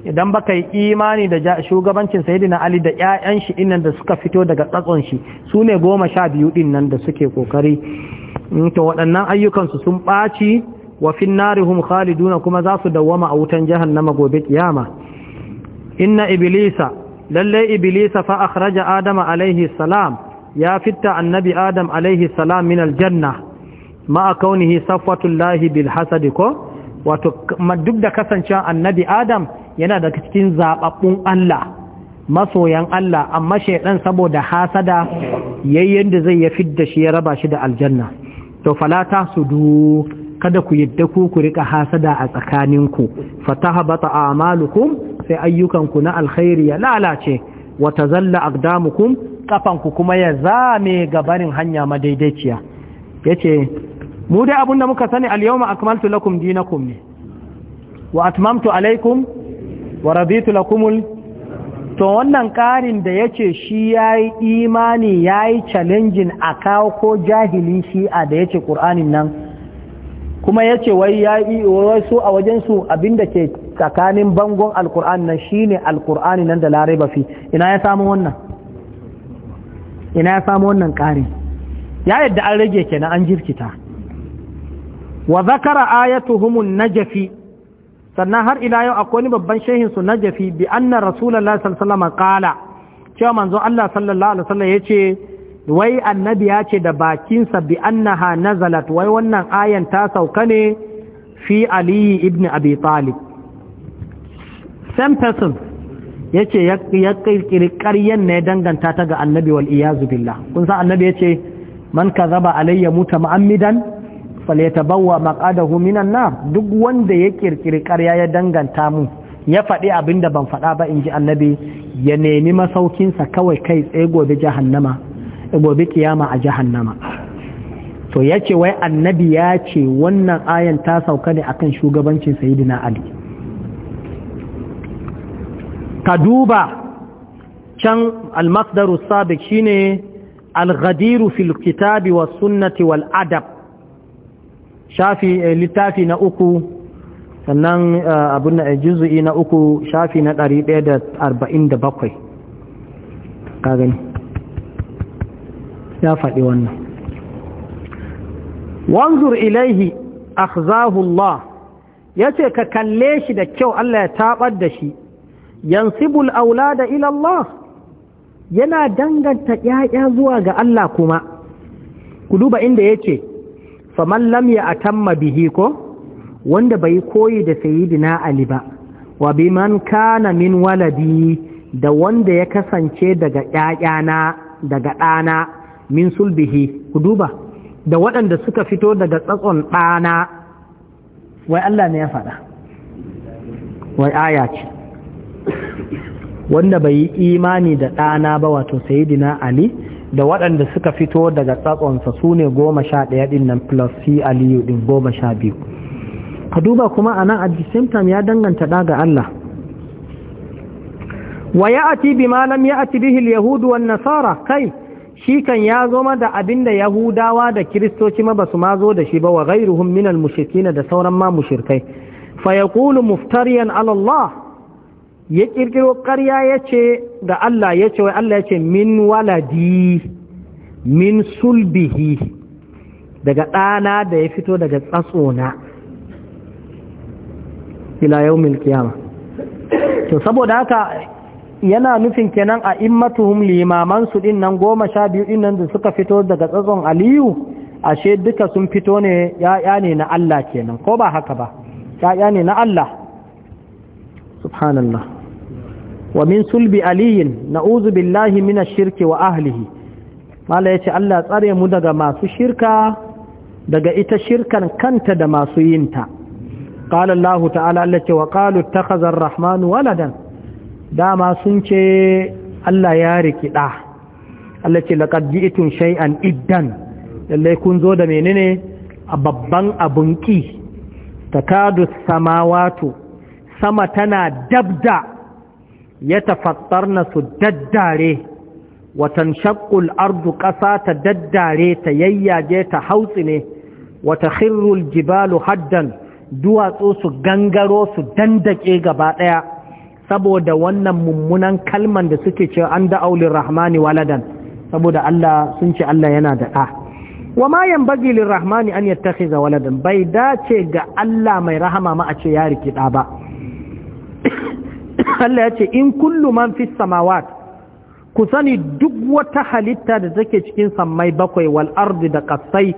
idan baka yi imani da shugabancin sayidina ali da 'ya'yan shi inna da suka fito daga tsatson shi su ne goma sha biyu din nan da suke kokari mm, to waɗannan ayyukansu sun ɓaci wa fin narihum khaliduna kuma za su dawwama a wutan jahannama gobe kiyama inna iblisa lalle iblisa fa akhraja adama alaihi salam ya fitta annabi adam alaihi salam min aljanna ma kaunihi safwatullahi bil hasadi ko wato duk da kasancewa annabi adam yana da cikin zaɓaɓɓun Allah masoyan Allah amma shaidan saboda hasada yayin da zai ya fidda shi ya raba shi da aljanna to falata su du kada ku yadda ku ku rika hasada a tsakaninku fataha bata amalukum sai ayyukanku na alkhairi ya lalace wa tazalla aqdamukum kafanku kuma ya zame gabarin hanya madaidaiciya yace mu dai abinda muka sani al-yawma akmaltu lakum dinakum ne wa atmamtu alaykum wa raditu lakumul to wannan karin da yace shi yayi imani yayi challenging a kawo ko jahili shi a da yace qur'anin nan kuma yace wai yayi wai su a wajen su abinda ke tsakanin bangon alqur'an nan shine alqur'ani nan da laraba fi ina ya samu wannan ina ya samu wannan karin ya yadda an rage kenan an jirkita wa zakara ayatuhumun najafi sannan har ila yau akwai wani babban shehin su najafi bi anna rasulullahi sallallahu alaihi wasallam qala cewa manzo Allah sallallahu alaihi wasallam yace wai annabi ya ce da bakinsa bi annaha nazalat wai wannan ayan ta sauka ne fi aliyu ibn abi talib sam person ya ya kirkiri ne danganta ta ga annabi wal iyazu billah kun san annabi yace ce man kazaba alayya muta falyatabawwa maqadahu minan nar duk wanda ya kirkiri karya ya danganta mu ya faɗi abin da ban faɗa ba in ji annabi ya nemi masaukinsa kawai kai tsaye gobe jahannama gobe kiyama a jahannama to ya ce wai annabi ya ce wannan ayan ta sauka ne akan shugabancin sayidina ali ka duba can almasdaru sabiq shine al-ghadiru fil kitabi was sunnati wal adab shafi eh, littafi na uku sannan eh, abin na eh, juzu'i na uku shafi na 147 ka gani ya faɗi wannan wanzur ilaihi akhzahullah ya ce ka kalle shi da kyau Allah ya taɓar da shi yansibul aulada ila Allah yana danganta ‘ya'ya zuwa ga Allah kuma ku duba inda yace. faman lamya ya atamma bihi ko wanda bai koyi da sayyidina ali ba wa man kana min waladi da wanda ya kasance daga ƴaƴana daga ɗana min sulbihi ku duba da waɗanda suka fito daga tsatson ɗana wai Allah ne ya faɗa wai aya ce wanda bai yi imani da ɗana ba wato sayyidina ali da waɗanda suka fito daga tsatsonsa su ne goma sha ɗaya ɗin nan plus fi aliyu ɗin goma sha biyu ka duba kuma a nan time ya danganta ɗa ga Allah wa ya ati bi malam ya ati bihil yahudu wan nasara kai shi kan ya zo ma da abin da yahudawa da kiristoci ma basu ma zo da shi ba wa ghairuhum minal mushrikina da sauran ma mushrikai fa yaqulu muftariyan ala Allah ya ƙirƙiro ƙarya ya ce da Allah ya ce wai Allah ya ce min waladi min sulbihi daga ɗana da ya fito daga tsatsona ila yau milkiyama to saboda haka yana nufin kenan a immatuhum limaman su din nan goma sha biyu din nan da suka fito daga tsatson aliyu ashe duka sun fito ne ya'ya ne na Allah kenan ko ba haka ba ya'ya ne na Allah subhanallah wa min sulbi aliyin Na'uzubillahi mina shirke ash-shirki wa ahlihi mala yace Allah tsare mu daga masu shirka daga ita shirkan kanta da masu yinta qala Allah ta'ala Allah ce wa qalu ittakhadha ar-rahman waladan dama sun ce Allah ya riki ɗa. Allah ce laqad ji'tum shay'an iddan lalle kun zo da menene a babban abun ki takadu samawatu sama tana dabda ya tafattar na su daddare watan shakul arzu ƙasa ta daddare ta yayyage ta hautsi ne wata khirrul jibalu haddan duwatsu su gangaro su dandake gaba ɗaya saboda wannan mummunan kalman da suke ce an da'aulin rahmani waladan saboda Allah sun ce Allah yana da ɗa. wa ma yambagi rahmani an yattakhiza waladan bai dace ga Allah mai rahama ma a ce ya rikida ba Allah ya ce in kullu man fi samawat ku sani duk wata halitta da take cikin sammai bakwai wal ardi da kasai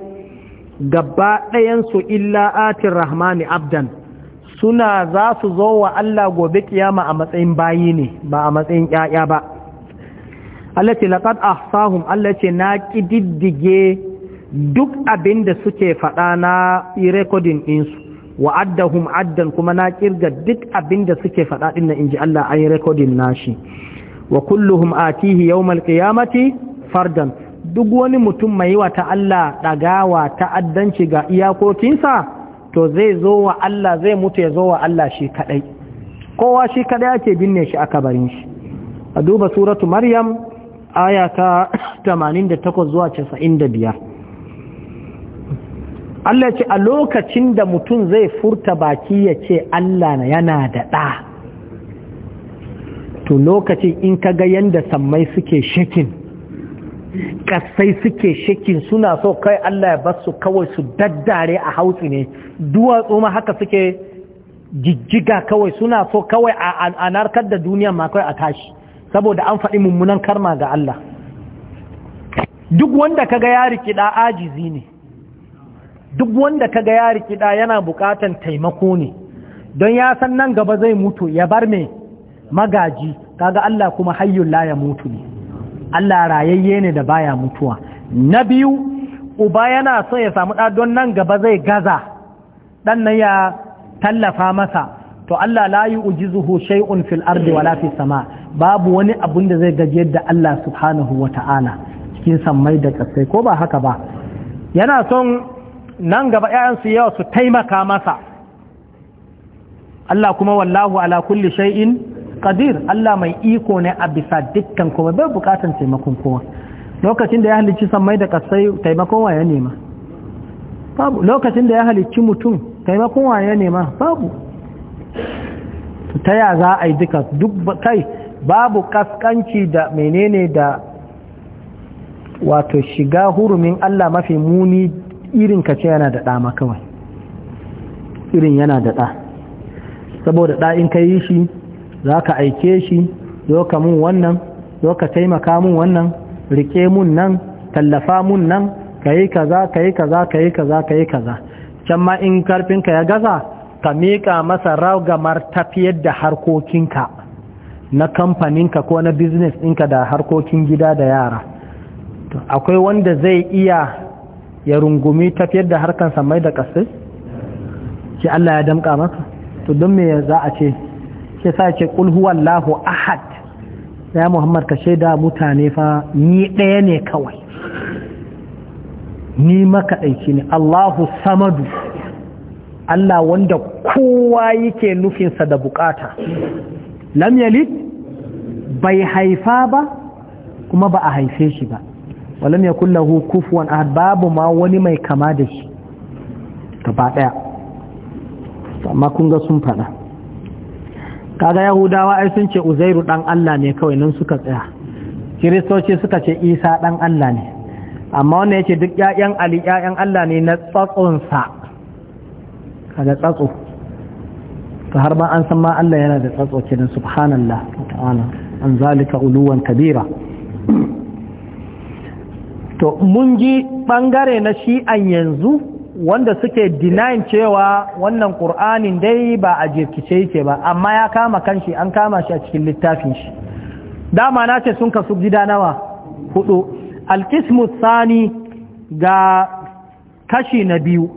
gaba su illa atin rahmani abdan suna za su zo wa Allah gobe kiyama a matsayin bayi ne ba a matsayin ƴaƴa ba Allah ce laqad ahsahum Allah ce na kididdige duk abin da suke faɗa na recording ɗinsu wa addahum addan kuma na kirga duk abin da suke faɗa na nan inji Allah yi recording nashi wa kulluhum atihi yawmal qiyamati fardan duk wani mutum mai wa ta Allah dagawa ta'addanci ga iyakokinsa to zai zo wa Allah zai mutu ya zo wa Allah shi kadai kowa shi kadai ake binne shi a kabarin shi a duba suratu maryam aya ta 88 zuwa 95 Allah ce a lokacin da mutum zai furta baki ya ce Allah na yana da ɗa to lokacin in ka ga yadda sammai suke shakin ƙasai suke shakin suna so kai Allah ya basu kawai su daddare a hautsi ne duwatsu ma haka suke jijjiga kawai suna so kawai a anarkar da duniya ma kawai a tashi saboda an faɗi mummunan karma ga Allah duk wanda ka ga ya rikida ajizi ne duk wanda ka ga yari kiɗa yana buƙatar taimako ne don ya san nan gaba zai mutu ya bar mai magaji kaga Allah kuma hayyun la ya mutu ne Allah rayayye ne da baya mutuwa na biyu uba yana so ya samu ɗa don nan gaba zai gaza ɗan nan ya tallafa masa to Allah la yu'jizuhu shay'un fil ardi wala fi sama babu wani abun da zai gaje da Allah subhanahu ta'ala cikin sammai da ƙasai ko ba haka ba yana son nan gaba ‘ya'yansu yawa su taimaka masa Allah kuma wallahu ala kulli shay'in qadir Allah mai iko ne a bisa dukkan kuma bai bukatan taimakon kowa lokacin da ya halicci mai da kasai taimakon waye nema babu lokacin da ya halicci mutum taimakon waye nema babu ta ya za a yi duka duk kai babu kaskanci da menene da wato shiga hurumin Allah mafi muni irin ka yana da ɗa ma kawai irin yana da ɗa saboda ɗa in ka yi shi za ka aike shi zo ka mun wannan zo ka taimaka mun wannan rike mun nan tallafa mun nan ka yi kaza ka yi kaza ka yi kaza ka yi kaza can ma in karfinka ya gaza ka miƙa masa ragamar tafiyar da harkokinka na kamfaninka ko na biznes ɗinka da harkokin gida da yara akwai wanda zai iya ya rungumi tafiyar da harkan samai da kasai shi Allah ya damka masa to don me za a ce shi sa ce kul Allahu ahad ya Muhammad ka shaida mutane fa ni ɗaya ne kawai ni maka makaɗaici ne Allahu samadu Allah wanda kowa yake nufinsa da bukata lam yalid bai haifa ba kuma ba a haife shi ba walam ya kullahu kufuwan ahad babu ma wani mai kama da shi gaba daya amma kun ga sun fada kaga yahudawa ai sun ce uzairu dan Allah ne kawai nan suka tsaya kiristoci suka ce isa dan Allah ne amma wanda yake duk ƴaƴan ali ƴaƴan Allah ne na tsatsonsa kaga tsatso ta har ma an san ma Allah yana da tsatso kenan subhanallah ta'ala an zalika uluwan kabira to mun ji ɓangare na shi'an yanzu wanda suke denying cewa wannan ƙur'anin dai ba a jirkice yake ba amma ya kama kanshi an kama shi a cikin littafin shi dama na ce sun kasu gida nawa hudu alkismu sani ga kashi na biyu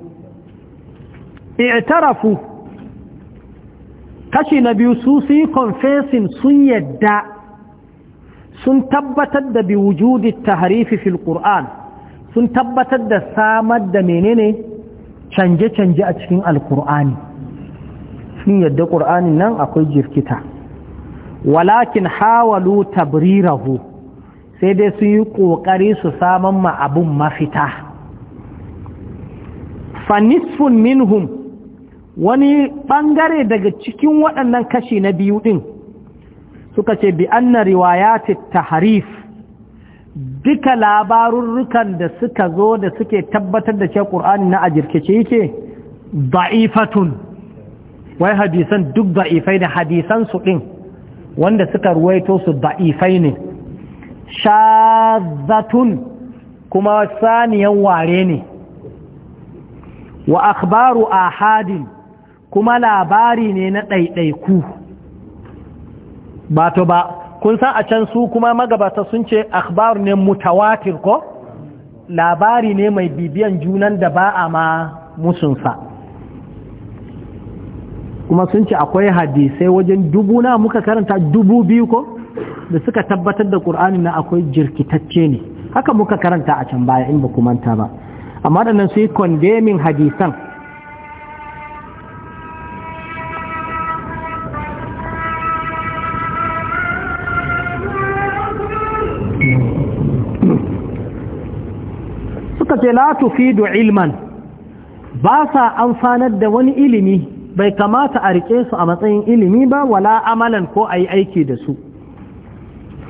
i'tarafu kashi na biyu su su yi confessing sun yadda sun tabbatar da bi wujudi tahrifi fil qur'an sun tabbatar da samar da menene canje-canje a cikin alkur'ani sun yadda ƙur'anin nan akwai jirkita walakin hawalu tabrirahu sai dai sun yi ƙoƙari su saman ma abun mafita fanisfun minhum wani ɓangare daga cikin waɗannan kashi na biyu ɗin suka ce bi anna riwayatit tahrif duka labarurrukan da suka zo da suke tabbatar da cewa qur'ani na ajirkace yake da'ifatun wai hadisan duk da'ifai da hadisan su din wanda suka ruwaito su da'ifai ne shazzatun kuma saniyan ware ne wa akhbaru ahadin kuma labari ne na ɗaiɗaiku ba to ba kun san a can su kuma magabata sun ce akhbar ne mutawatir ko labari ne mai bibiyan junan da ba a ma musunsa kuma sun ce akwai hadisai wajen dubu na muka karanta dubu biyu ko da suka tabbatar da ƙur'ani na akwai jirkitacce ne haka muka karanta a can baya in ba ku manta ba amma da nan su yi kondemin hadisan ce la tufidu ilman ba sa amfanar da wani ilimi bai kamata a rike su a matsayin ilimi ba wala amalan ko a yi aiki da su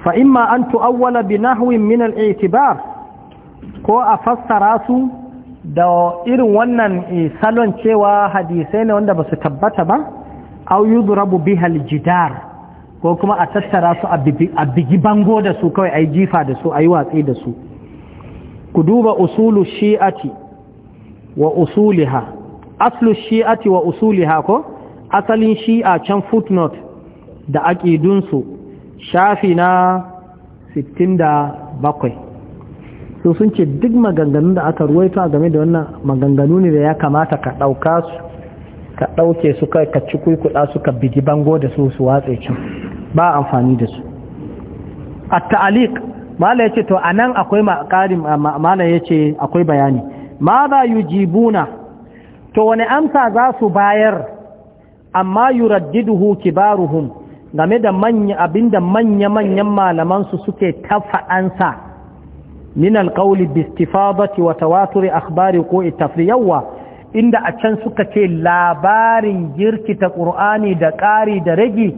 fa imma an tu'awwala bi nahwin min itibar ko a fassara su da irin wannan eh, salon cewa hadisai ne wanda ba su tabbata ba au yudrabu biha jidar ko kuma a tattara su a bigi bango da su kawai a yi jifa da su a yi watsi da su ku duba usulu shi'ati wa usuliha aslu shi'ati wa usuliha ko asalin shi'a can footnote da aƙidunsu shafi na 67 so sun ce duk maganganun da aka ruwaito a game da wannan maganganu ne da ya kamata ka dauka su ka dauke su ka ci kuɗa su ka bigi bango da su su watse can ba amfani da su at ta'aliq mala ce to anan akwai maqarim mala yace akwai bayani ma za jibuna, to wani amsa za su bayar amma yuraddiduhu kibaruhum game da manya abinda manya manyan malamansu su suke tafa'ansa min alqawli bi istifadati wa tawatur akhbari ko yawa. inda a can suka ce labarin jirkita qur'ani da ƙari da ragi,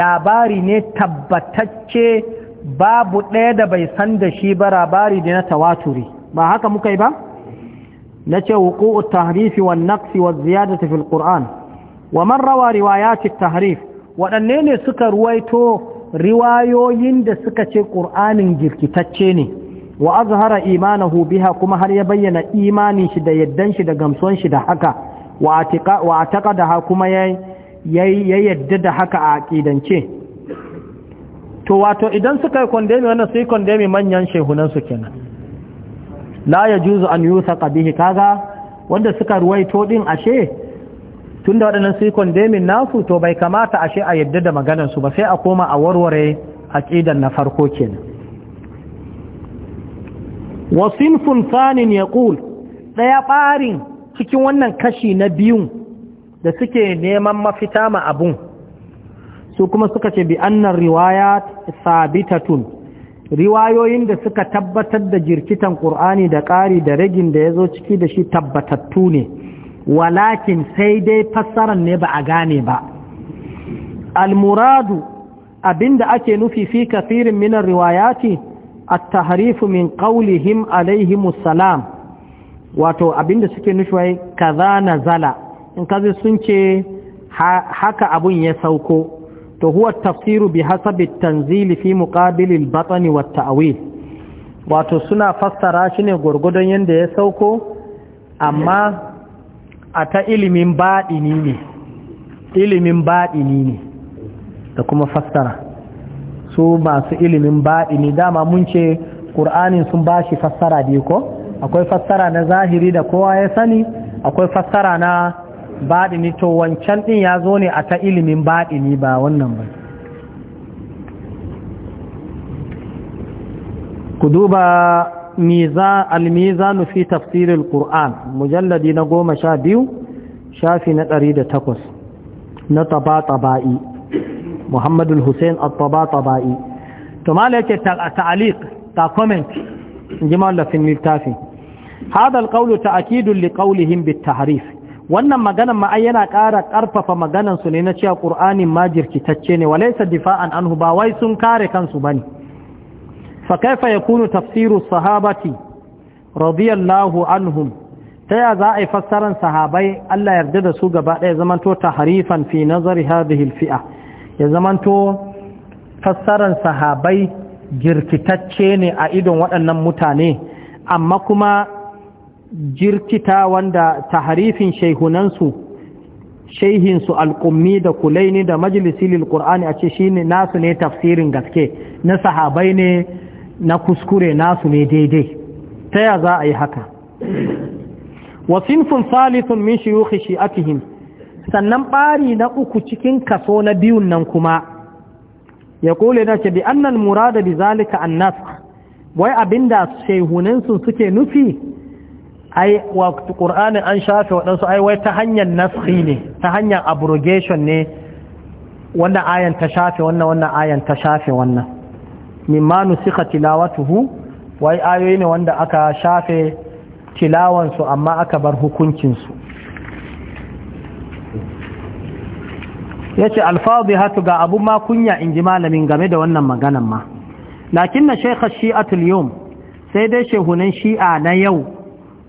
labari ne tabbatacce babu ɗaya da bai san da shi ba rabari da na tawaturi ba haka muka yi ba na ce wuku'ut tahrifi wa naqsi wa ziyadati fil qur'an wa man rawa riwayati tahrif waɗanne ne suka ruwaito riwayoyin da suka ce qur'anin girkitacce ne wa azhara imanahu biha kuma har ya bayyana imanin shi da yaddan shi da gamsuwan shi da haka wa atiqa wa ataqadaha kuma yayi yadda da haka a aqidance to wato idan suka yi kondemi wannan sai kondemi manyan shehunansu kenan la ya juzu an yusa ƙabihi kaga wanda suka ruwaito din ashe Tunda da waɗannan su kondemin nasu to bai kamata ashe a yadda da maganarsu ba sai a koma a warware aƙidan na farko kenan wasinfun sanin ya ƙul ɗaya ɓarin cikin wannan kashi na biyun da suke neman mafita ma abun su kuma suka ce bi annan riwaya sabitatun riwayoyin da suka tabbatar da jirkitan ƙur'ani da ƙari da ragin da ya zo ciki da shi tabbatattu ne walakin sai dai fassaran ne ba a gane ba almuradu abinda ake nufi fi kafirin minan riwayati at-tahrifu min qawlihim alaihimus salam wato abinda suke nufi wai kaza nazala in kazi sun ce haka abun ya sauko to huwa tafsiru bi hasabi tanzili fi al batn wa ta'wil wato suna fassara shi ne gurgudun yanda ya sauko amma a ta ilimin baɗini ne ilimin baɗini ne da kuma fassara su masu ilimin baɗini dama mun ce ƙur'anin sun ba shi fassara biyu ko akwai fassara na zahiri da kowa ya sani akwai fassara na baɗini to wancan ɗin ya zo ne a ta ilimin baɗini ba wannan ba ku duba almizanu fi tafsirin ƙur'an mujalladi na goma sha biyu shafi na ɗari da takwas na taba-taba'i Muhammadu hussein a taba-taba'i to ma yake ta'aliq ta comment in mallafin littafin hadal ƙaulu ta akidun li bit wannan maganan ma ai yana ƙara ƙarfafa maganan su ne na cewa Qur'anin ma jirkitacce ne walaysa difa'an anhu ba wai sun kare kansu bane fa kaifa yakunu tafsiru sahabati radiyallahu anhum ta ya za a yi fassaran sahabai Allah yarda da su gaba ɗaya zamanto tahrifan fi nazari hadhihi alfi'a ya zamanto fassaran sahabai jirkitacce ne a idon waɗannan mutane amma kuma jirkita wanda taharifin shaihunansu shaihinsu alƙummi da kulaini da majalisilil ƙur'ani a ce shi nasu ne tafsirin gaske na sahabai ne na kuskure nasu ne daidai ta ya za a yi haka wasinfun salifin min shiyuhi shi'atihim sannan ɓari na uku cikin kaso na biyun nan kuma ya kole na ce bi annal murada bi zalika annas wai abinda shehunansu suke nufi ai wa qur'ani an shafe waɗansu ai wai ta hanyar naskhi ne ta hanyar abrogation ne wannan ayan ta shafe wannan wannan ayan ta shafe wannan mimma nusikha tilawatuhu wai ayoyi ne wanda aka shafe tilawansu amma aka bar hukuncinsu ya ce alfazi hatu ga abu ma kunya in ji malamin game da wannan maganan ma lakin na shekha shi'atul yom sai dai shehunan shi'a na yau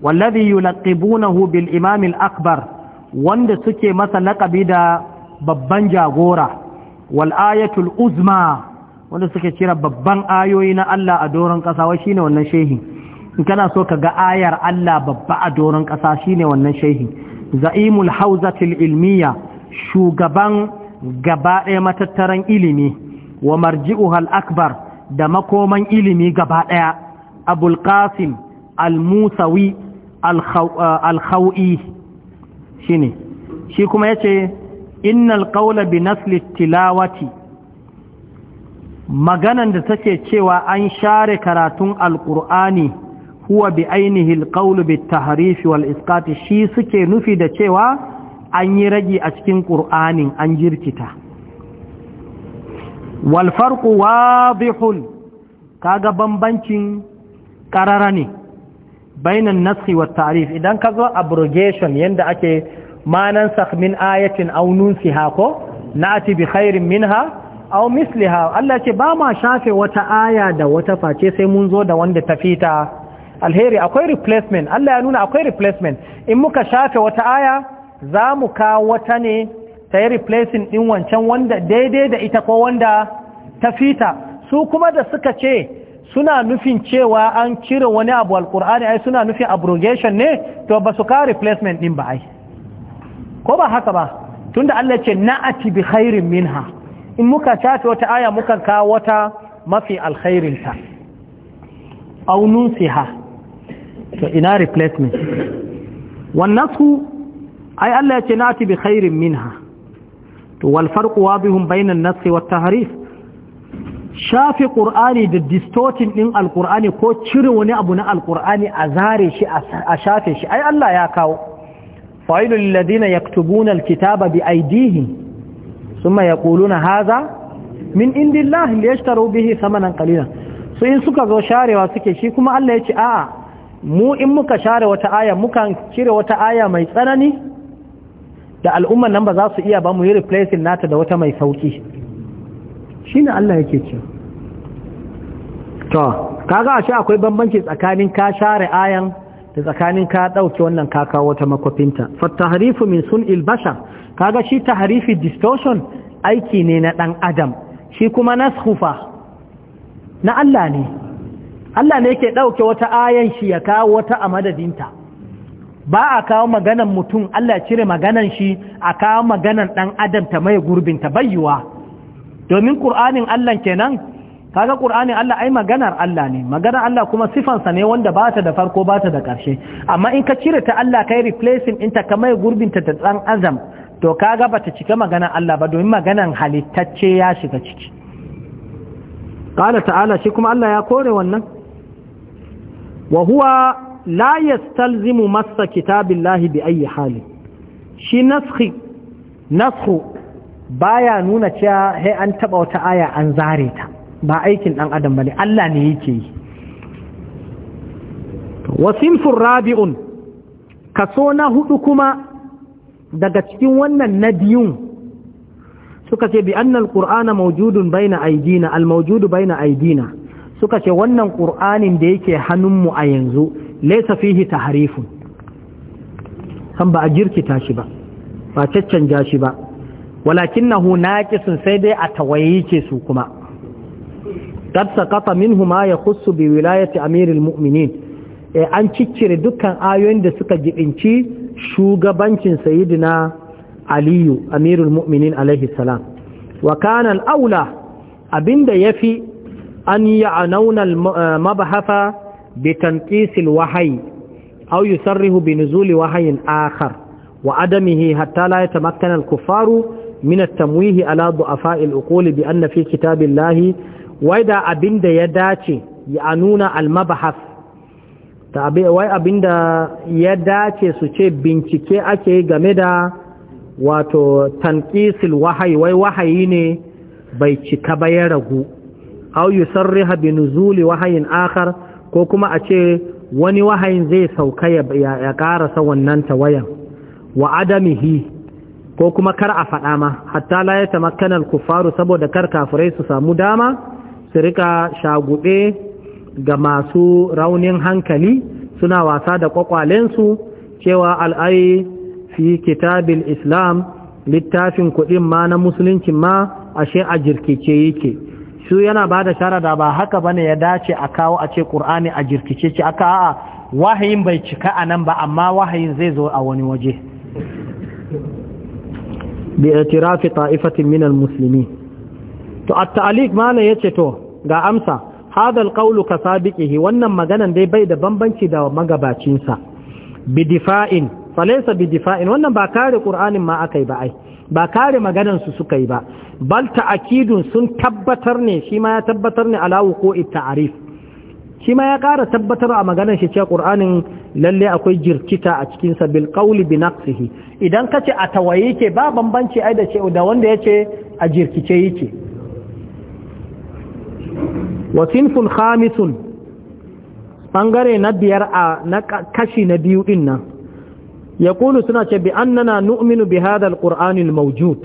wallazi yulaqibunahu bil imam al akbar wanda suke masa laqabi da babban jagora wal ayatul uzma wanda suke kira babban ayoyi na Allah a doron kasa wai shine wannan shehi in kana so ka ga ayar Allah babba a doron kasa shine wannan shehi za'imul hauzatil ilmiya shugaban gaba ɗaya matattaran ilimi wa marji'uha al-akbar da makoman ilimi gaba ɗaya abul qasim al-musawi alkhaw'i uh, shine shi kuma yace innal ƙaula bi nasli tilawati maganan da take cewa an share karatun Alkur'ani, huwa bi ainihi alqawlu bi taharifi wal iskati shi suke nufi da cewa an yi ragi a cikin Kur'anin an jirkita wal farqu wadihun kaga bambancin ƙarara ne bainan nasi wa tarif idan ka zo abrogation yadda ake manan sakmin ayatin aw hako na na'ati bi khairin minha misli ha Allah ce ba ma shafe wata aya da wata face sai mun zo da wanda tafita alheri akwai replacement Allah ya nuna akwai replacement in muka shafe wata aya za mu kawo wata ne ta yi replacing din wancan wanda daidai da ita ko wanda ta fita su kuma da suka ce suna nufin cewa an cire wani abu alkur'ani ai suna nufin abrogation ne to ba su ka replacement din ba ai ko ba haka ba tunda Allah ce na'ati bi khairin ha? in muka tafi wata aya muka kawo wata mafi alkhairin ta ha, to ina replacement wannan su ai Allah ya ce na'ati bi khairin ha? to wal farqu wadihun bainan nafsi wata tahrif shafe ƙur'ani da distortin ɗin alƙur'ani ko cire wani abu na alƙur'ani a zare shi a shafe shi ai Allah ya kawo fa'ilul ladina yaktubuna alkitaba bi aydihim thumma yaquluna haza. min indillahi liyashtaru bihi thamanan qalila Su in suka zo sharewa suke shi kuma Allah ya ce a'a mu in muka share wata aya mukan cire wata aya mai tsanani da al'umman nan ba za su iya ba mu yi replacing nata da wata mai sauki ne Allah yake ce to kaga ashe akwai bambanci tsakanin ka share ayan da tsakanin ka dauke wannan ka kawo wata makwafinta fa tahrifu min sun'il bashar kaga shi tahrifi distortion aiki ne na dan adam shi kuma naskhufa na Allah ne Allah ne yake dauke wata ayan shi ya kawo wata a madadinta ba a kawo maganan mutum Allah cire maganan shi a kawo maganan ɗan adam ta mai gurbinta bayyuwa domin ƙur'anin Allah kenan kaga ƙur'anin Allah ai maganar Allah ne maganar Allah kuma sifansa ne wanda ba ta da farko ba ta da ƙarshe amma in ka cire ta Allah kai replacing ɗinta ka mai gurbinta ta ɗan azam to kaga ba ta cika maganar Allah ba domin maganar halittacce ya shiga ciki ƙala ta'ala shi kuma Allah ya kore wannan wa huwa la yastalzimu masa kitabillahi bi ayi hali shi naskhi baya nuna cewa hey an taba wata aya an zare ta ba aikin dan adam bane Allah ne yake yi wasinfur rabi'un kaso na hudu kuma daga cikin wannan nadiyun suka ce bi annal qur'ana mawjudun baina aidina al mawjudu baina suka ce wannan qur'anin da yake hannunmu a yanzu laysa fihi tahrifun kan ba a jirkita shi ba ba caccanja shi ba Walakin walakinnahu naqisun sai dai a tawayi ce su kuma qad saqata minhu ma yakhussu bi wilayati amiril mu'minin eh an cikire dukkan ayoyin da suka jibinci shugabancin sayyidina aliyu amirul mu'minin alaihi salam wa kana aula abinda yafi an yi a naunar bi bitan al-wahyi aw yusarrihu bi nuzul wahyin akhar wa adamihi hatta la yatamakkana al-kuffaru Mina tamwihi ala du'afa al-uqul bi anna fi kitabillahi wai da abinda ya dace ya nuna wai abinda ya dace su ce bincike ake game da wato tanqisil wahayi wai wahayi ne bai cika ba ya ragu aw yusarriha bi nuzuli wahayin akhar ko kuma a ce wani wahayin zai sauka ya sa wannan tawayan wa adamihi ko kuma kar a faɗa ma hatta la ya tamakkana al-kuffaru saboda kar kafirai su samu dama su rika shagube ga masu raunin hankali suna wasa da kwakwalensu cewa al'ai fi kitabil islam littafin kuɗin ma na musulunci ma ashe a jirkice yake su yana ba da sharada ba haka bane ya dace a kawo a ce ƙur'ani a jirkice ce aka a'a wahayin bai cika a nan ba amma wahayin zai zo a wani waje bi'tirafi ta'ifatin min al-muslimin to at-ta'liq ya ce to ga amsa hadal qawlu ka sabiqihi wannan maganan dai bai da bambanci da magabacin sa bidifa'in bi difa'in wannan ba kare qur'anin ma akai ba ai ba kare maganan su suka ba bal ta'kidun sun tabbatar ne shima ya tabbatar ne ala wuqu'i ta'rif shi ma ya ƙara tabbatar a maganar shi cewa ƙur'anin lalle akwai jirkita a cikinsa bil ƙauli bi naqsihi idan ka ce a tawaye ke ba bambanci ai da ce da wanda yace a jirkice yake wa sinfun khamisun bangare na biyar a na kashi na biyu din nan ya kunu suna ce bi annana nu'minu bi hadha al mawjud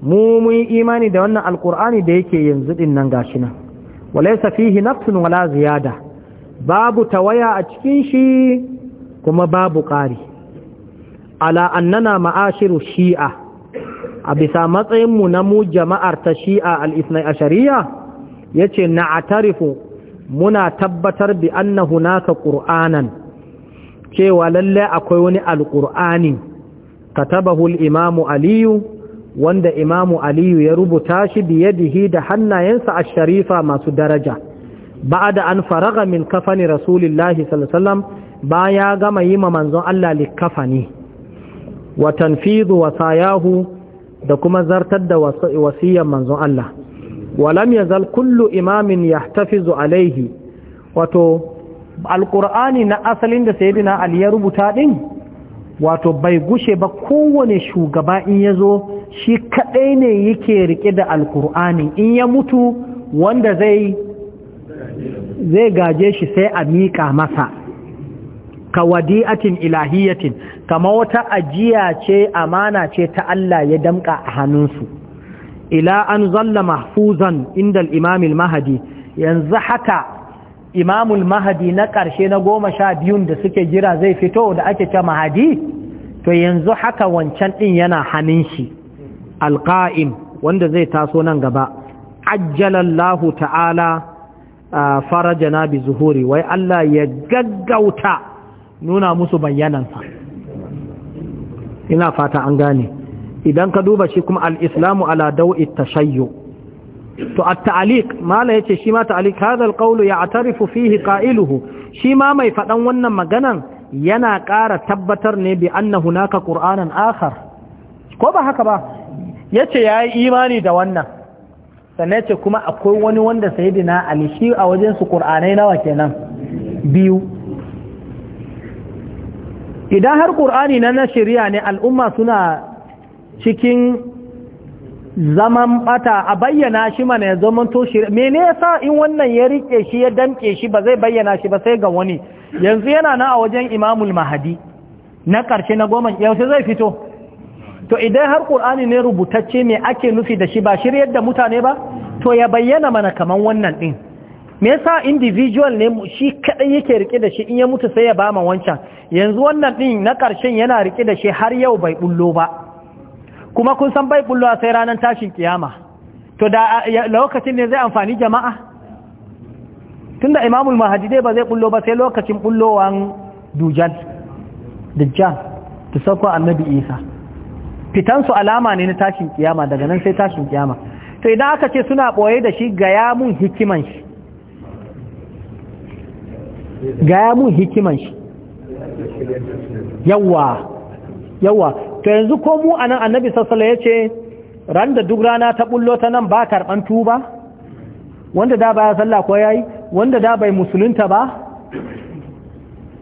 mu mun imani da wannan Alƙur'ani da yake yanzu din nan gashi nan walaisa fihi nafsun wala ziyada babu tawaya a cikin shi kuma babu ƙari ala annana ma'ashiru shi'a a bisa matsayinmu na mu jama'ar ta shi'a al'isnai a shari'a ya ce na atarifu muna tabbatar bi annahu naka ƙur'anan cewa lallai akwai wani alƙur'ani katabahu imamu aliyu wanda imamu aliyu ya rubuta shi biyadihi da hannayensa a sharifa masu daraja ba da an faraga min kafani rasulillahi sallallahu ba ya gama yi ma manzon Allah likafani wa tanfidu wasayahu da kuma zartar da wasiyyar manzon Allah walam yazal kullu imamin yahtafizu alaihi wato alqur'ani na asalin da sayyidina ali ya rubuta din wato bai gushe ba kowane shugaba in ya zo shi kaɗai ne yake rike da alkur'ani in ya mutu wanda zai zai gaje shi sai a miƙa masa ka wadi'atin ilahiyatin kama wata ajiya ce amana ce ta Allah ya damƙa a hannunsu ila an zalla mahfuzan inda al'imamil mahadi yanzu haka imamul mahadi na ƙarshe na goma sha biyun da suke jira zai fito da ake ce mahadi to yanzu haka wancan ɗin yana hannun shi alƙa'im wanda zai taso nan gaba ajjalallahu ta'ala jana bi zuhuri wai Allah ya gaggauta nuna musu bayyanansa ina fata an gane idan ka duba shi kuma al'islamu ala dau'i shayyo. to a ta'aliq mala yace shi ma ta'aliq hadha alqawlu ya'tarifu fihi qailuhu shi ma mai fadan wannan maganan yana ƙara tabbatar ne bi anna hunaka qur'anan akhar ko ba haka ba yace yayi imani da wannan sannan yace kuma akwai wani wanda sayyidina ali shi a wajen su qur'anai nawa kenan biyu idan har qur'ani na na shari'a ne al'umma suna cikin zaman bata a bayyana shi mana ya zama to shi mene yasa in wannan ya rike shi ya damke shi ba zai bayyana shi ba sai ga wani yanzu yana na a wajen imamul mahadi na karshe na goma yaushe zai fito to idan har qur'ani ne rubutacce me ake nufi da shi ba shi da mutane ba to ya bayyana mana kaman wannan din me yasa individual ne shi kadai yake rike da shi in ya mutu sai ya bama wancan yanzu wannan din na karshen yana rike da shi har yau bai bullo ba kuma kun san bai bullowa sai ranar tashin kiyama to da lokacin ne zai amfani jama'a tunda imamul mahadi ba zai bullo ba sai lokacin bullowan dujal dujan. ta sauko annabi isa fitansu alama ne na tashin kiyama daga nan sai tashin kiyama to idan aka ce suna ɓoye da shi gaya mun hikiman shi gaya mun hikiman shi yawwa yawa to yanzu ko mu anan annabi sallallahu ya ce ran da duk rana ta bullo ta nan ba karban tuba wanda da baya sallah ko yayi wanda da bai musulunta ba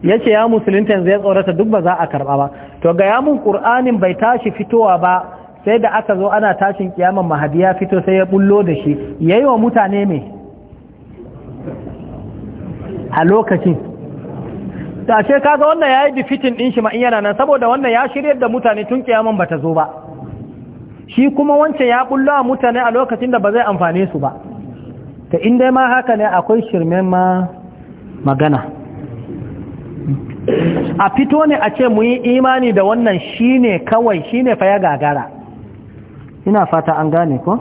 ya ce ya musulunta yanzu ya tsorata duk ba za a karɓa ba to ga ya mun ƙur'anin bai tashi fitowa ba sai da aka zo ana tashin kiyaman mahadiya fito sai ya bullo da shi ya yi wa mutane me? a lokacin ta ka kaga wannan yayi difitin din shi ma in yana nan saboda wannan ya shirya da mutane tun kiyaman ta zo ba shi kuma wancan ya bulla mutane a lokacin da ba zai amfane su ba ta inda ma haka ne akwai shirmen ma magana a fito ne a ce mu yi imani da wannan shine kawai shine fa ya gagara ina fata an gane ko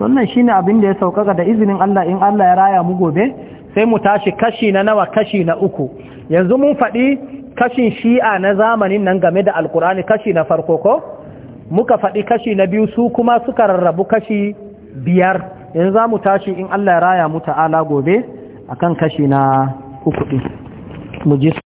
wannan shine abin da ya sauƙaƙa da izinin Allah in Allah ya raya mu gobe sai mu tashi kashi na nawa kashi na uku yanzu mun faɗi kashin shi'a na zamanin nan game da alkur'ani kashi na farko ko muka faɗi kashi na biyu su kuma suka rarrabu kashi biyar yanzu za mu tashi in allah ya raya mu ta'ala gobe akan kashi na uku ɗin